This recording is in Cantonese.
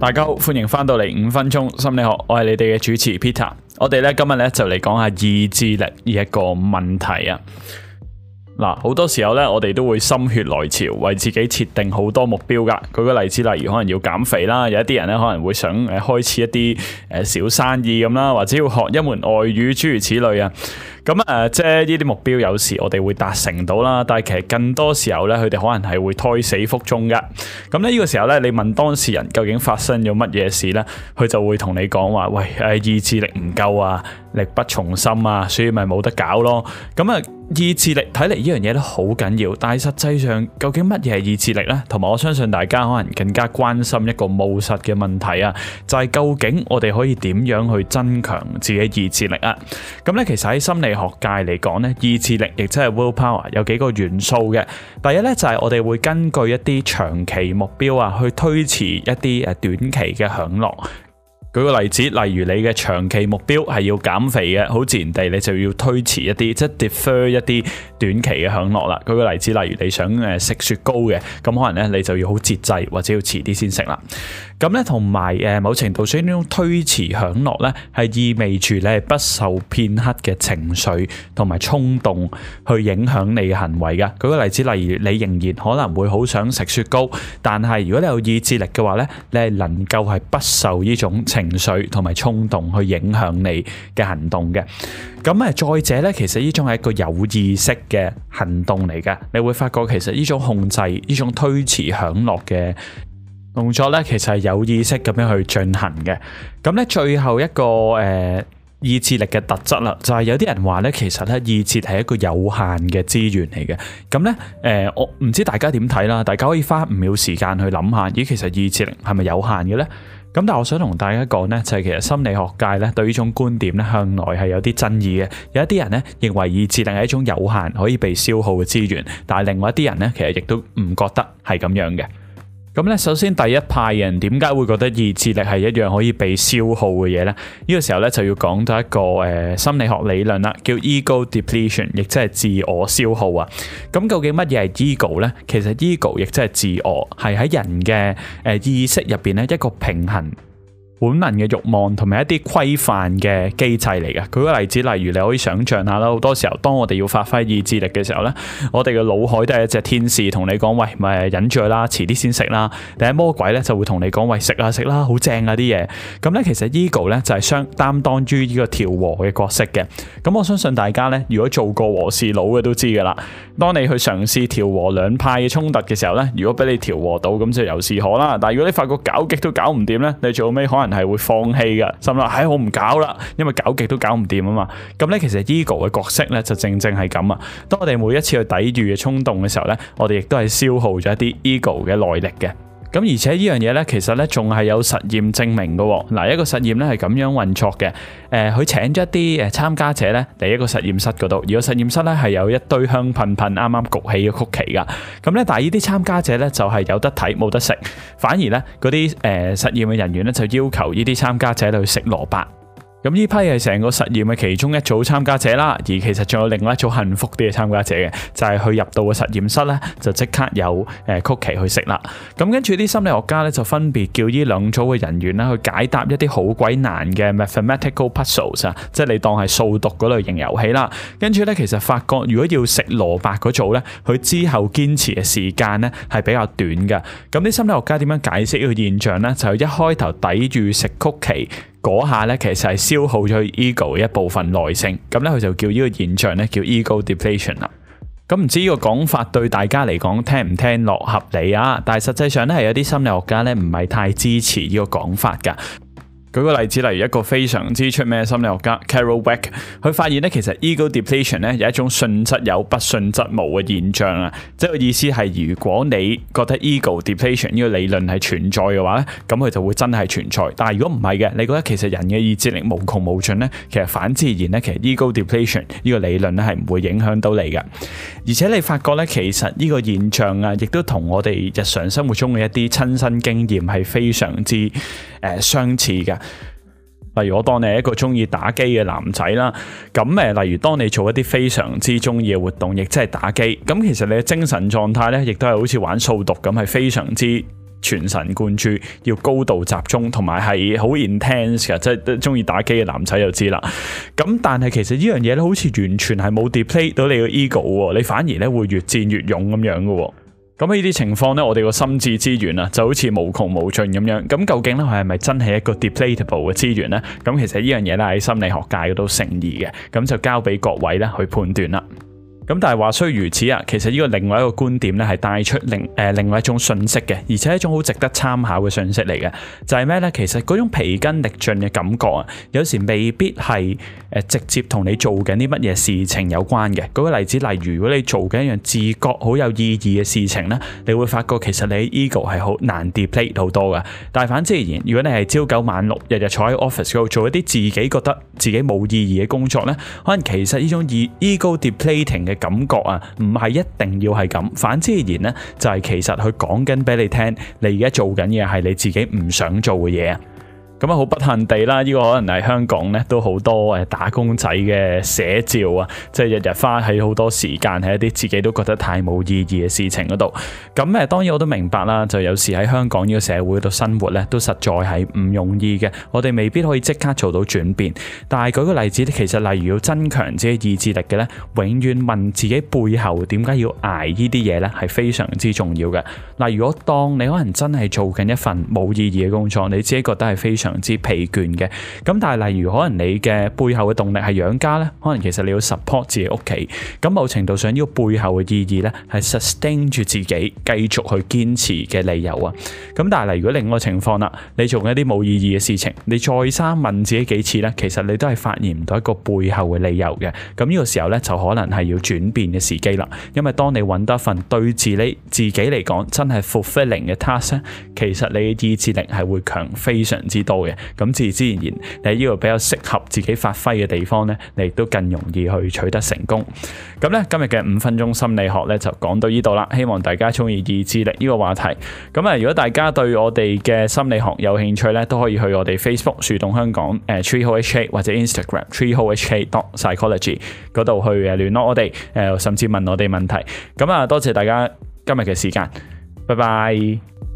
大家好，歡迎返到嚟五分鐘心理學，我係你哋嘅主持 Peter。我哋咧今日咧就嚟講下意志力呢一個問題啊。嗱，好多時候咧我哋都會心血來潮，為自己設定好多目標噶。舉個例子，例如可能要減肥啦，有一啲人咧可能會想誒開始一啲誒小生意咁啦，或者要學一門外語，諸如此類啊。咁啊，即係呢啲目標有時我哋會達成到啦，但係其實更多時候咧，佢哋可能係會胎死腹中㗎。咁呢，呢個時候咧，你問當事人究竟發生咗乜嘢事咧，佢就會同你講話，喂，意志力唔夠啊，力不從心啊，所以咪冇得搞咯。咁啊，意志力睇嚟呢樣嘢都好緊要，但係實際上究竟乜嘢係意志力呢？同埋我相信大家可能更加關心一個務實嘅問題啊，就係究竟我哋可以點樣去增強自己意志力啊？咁咧其實喺心理學界嚟講呢，意志力亦即係 willpower 有幾個元素嘅。第一呢，就係我哋會根據一啲長期目標啊，去推遲一啲誒短期嘅享樂。舉個例子，例如你嘅長期目標係要減肥嘅，好自然地你就要推遲一啲，即係 defer 一啲短期嘅享樂啦。舉個例子，例如你想誒食雪糕嘅，咁可能咧你就要好節制，或者要遲啲先食啦。咁咧同埋誒某程度上呢種推遲享樂咧，係意味住你係不受片刻嘅情緒同埋衝動去影響你嘅行為嘅。舉個例子，例如你仍然可能會好想食雪糕，但係如果你有意志力嘅話咧，你係能夠係不受呢種情情緒同埋衝動去影響你嘅行動嘅，咁誒再者呢，其實呢種係一個有意識嘅行動嚟嘅。你會發覺其實呢種控制、呢種推遲享樂嘅動作呢，其實係有意識咁樣去進行嘅。咁呢最後一個誒意志力嘅特質啦，就係有啲人話呢，其實呢意志係一個有限嘅資源嚟嘅。咁呢誒，我唔知大家點睇啦，大家可以花五秒時間去諗下，咦，其實意志力係咪有限嘅呢？咁但我想同大家講呢，就係、是、其實心理學界呢對呢種觀點呢向來係有啲爭議嘅。有一啲人呢認為意志力係一種有限、可以被消耗嘅資源，但係另外一啲人呢其實亦都唔覺得係咁樣嘅。咁咧，首先第一派人點解會覺得意志力係一樣可以被消耗嘅嘢呢？呢、呢個時候咧就要講到一個、呃、心理學理論啦，叫 ego depletion，亦即係自我消耗啊。咁究竟乜嘢係 ego 呢？其實 ego 亦即係自我，係喺人嘅呃、意識入邊咧一個平衡。本能嘅欲望同埋一啲規範嘅機制嚟嘅。舉個例子，例如你可以想象下啦，好多時候當我哋要發揮意志力嘅時候呢，我哋嘅腦海都係一隻天使同你講：喂，咪忍住啦，遲啲先食啦。但係魔鬼呢，就會同你講：喂，食啦食啦，好正啊啲嘢。咁呢，其實 ego 呢，就係相擔當於呢個調和嘅角色嘅。咁我相信大家呢，如果做過和事佬嘅都知噶啦。當你去嘗試調和兩派嘅衝突嘅時候呢，如果俾你調和到，咁就由是可啦。但係如果你發覺搞極都搞唔掂呢，你最尾可能，係會放棄嘅，心諗，唉，我唔搞啦，因為搞極都搞唔掂啊嘛。咁咧，其實 ego 嘅角色咧，就正正係咁啊。當我哋每一次去抵禦嘅衝動嘅時候咧，我哋亦都係消耗咗一啲 ego 嘅耐力嘅。咁而且呢樣嘢呢，其實呢仲係有實驗證明嘅。嗱，一個實驗呢係咁樣運作嘅。誒，佢請咗一啲誒參加者呢，嚟一個實驗室嗰度，而個實驗室呢係有一堆香噴噴啱啱焗起嘅曲奇㗎。咁呢，但係呢啲參加者呢就係有得睇冇得食，反而呢嗰啲誒實驗嘅人員呢就要求呢啲參加者去食蘿蔔。咁呢批係成個實驗嘅其中一組參加者啦，而其實仲有另外一組幸福啲嘅參加者嘅，就係、佢、去入到個實驗室咧，就即刻有誒、呃、曲奇去食啦。咁跟住啲心理學家咧，就分別叫呢兩組嘅人員呢去解答一啲好鬼難嘅 mathematical puzzles 啊，即係你當係數獨嗰類型遊戲啦。跟住咧，其實發覺如果要食蘿蔔嗰組咧，佢之後堅持嘅時間咧係比較短嘅。咁啲心理學家點樣解釋呢個現象咧？就係一開頭抵住食曲奇。嗰下咧，其實係消耗咗 ego 嘅一部分耐性，咁咧佢就叫呢個現象咧叫 ego depletion 啦。咁唔知呢個講法對大家嚟講聽唔聽落合理啊？但係實際上咧係有啲心理學家咧唔係太支持呢個講法㗎。舉個例子，例如一個非常之出名嘅心理學家 Carol Dweck 佢發現咧，其實 ego depletion 咧有一種信則有、不信則無嘅現象啊。即係個意思係，如果你覺得 ego depletion 呢個理論係存在嘅話咧，咁佢就會真係存在。但係如果唔係嘅，你覺得其實人嘅意志力無窮無盡咧，其實反自然咧，其實 ego depletion 呢個理論咧係唔會影響到你嘅。而且你發覺咧，其實呢個現象啊，亦都同我哋日常生活中嘅一啲親身經驗係非常之。誒、呃，相似嘅，例如我當你係一個中意打機嘅男仔啦，咁誒，例如當你做一啲非常之中意嘅活動，亦即係打機，咁其實你嘅精神狀態咧，亦都係好似玩掃毒咁，係非常之全神貫注，要高度集中，同埋係好 intense 㗎。即係中意打機嘅男仔就知啦。咁但係其實呢樣嘢咧，好似完全係冇 deplete 到你嘅 ego，你反而咧會越戰越勇咁樣嘅。咁呢啲情況呢，我哋個心智資源啊，就好似無窮無盡咁樣。咁究竟佢係咪真係一個 depletable 嘅資源呢？咁其實呢樣嘢咧，喺心理學界都成疑嘅。咁就交俾各位咧去判斷啦。咁但係話雖如此啊，其實呢個另外一個觀點咧，係帶出另、呃、另外一種信息嘅，而且係一種好值得參考嘅信息嚟嘅，就係、是、咩呢？其實嗰種疲筋力盡嘅感覺啊，有時未必係直接同你做緊啲乜嘢事情有關嘅。舉個例子，例如如果你做緊一樣自覺好有意義嘅事情呢，你會發覺其實你 ego 係好難 deplete 好多噶。但係反之而言，如果你係朝九晚六，日日坐喺 office 度做一啲自己覺得自己冇意義嘅工作呢，可能其實呢種 e ego depleting 嘅感覺啊，唔係一定要係咁，反之而言呢，就係其實佢講緊俾你聽，你而家做緊嘅係你自己唔想做嘅嘢。咁啊，好不幸地啦，呢個可能係香港呢都好多打工仔嘅寫照啊，即係日日花喺好多時間喺一啲自己都覺得太冇意義嘅事情嗰度。咁誒當然我都明白啦，就有時喺香港呢個社會度生活呢都實在係唔容易嘅。我哋未必可以即刻做到轉變。但係舉個例子，其實例如要增強自己意志力嘅呢，永遠問自己背後點解要捱呢啲嘢呢係非常之重要嘅。嗱，如果當你可能真係做緊一份冇意義嘅工作，你自己覺得係非常～常之疲倦嘅，咁但係例如可能你嘅背後嘅動力係養家呢，可能其實你要 support 自己屋企，咁某程度上呢個背後嘅意義呢，係 sustain 住自己繼續去堅持嘅理由啊。咁但係如果另外個情況啦，你做緊一啲冇意義嘅事情，你再三問自己幾次呢，其實你都係發現唔到一個背後嘅理由嘅。咁呢個時候呢，就可能係要轉變嘅時機啦，因為當你揾到一份對自自己嚟講真係 fulfilling 嘅 task 呢，其實你嘅意志力係會強非常之多。咁自自然然，喺呢個比較適合自己發揮嘅地方呢，你亦都更容易去取得成功。咁咧，今日嘅五分鐘心理學呢，就講到呢度啦。希望大家中意意志力呢個話題。咁啊，如果大家對我哋嘅心理學有興趣呢，都可以去我哋 Facebook 樹洞香港誒、呃、Treehole HK 或者 Instagram Treehole HK Psychology 嗰度去聯絡我哋，誒、呃、甚至問我哋問題。咁啊，多謝大家今日嘅時間，拜拜。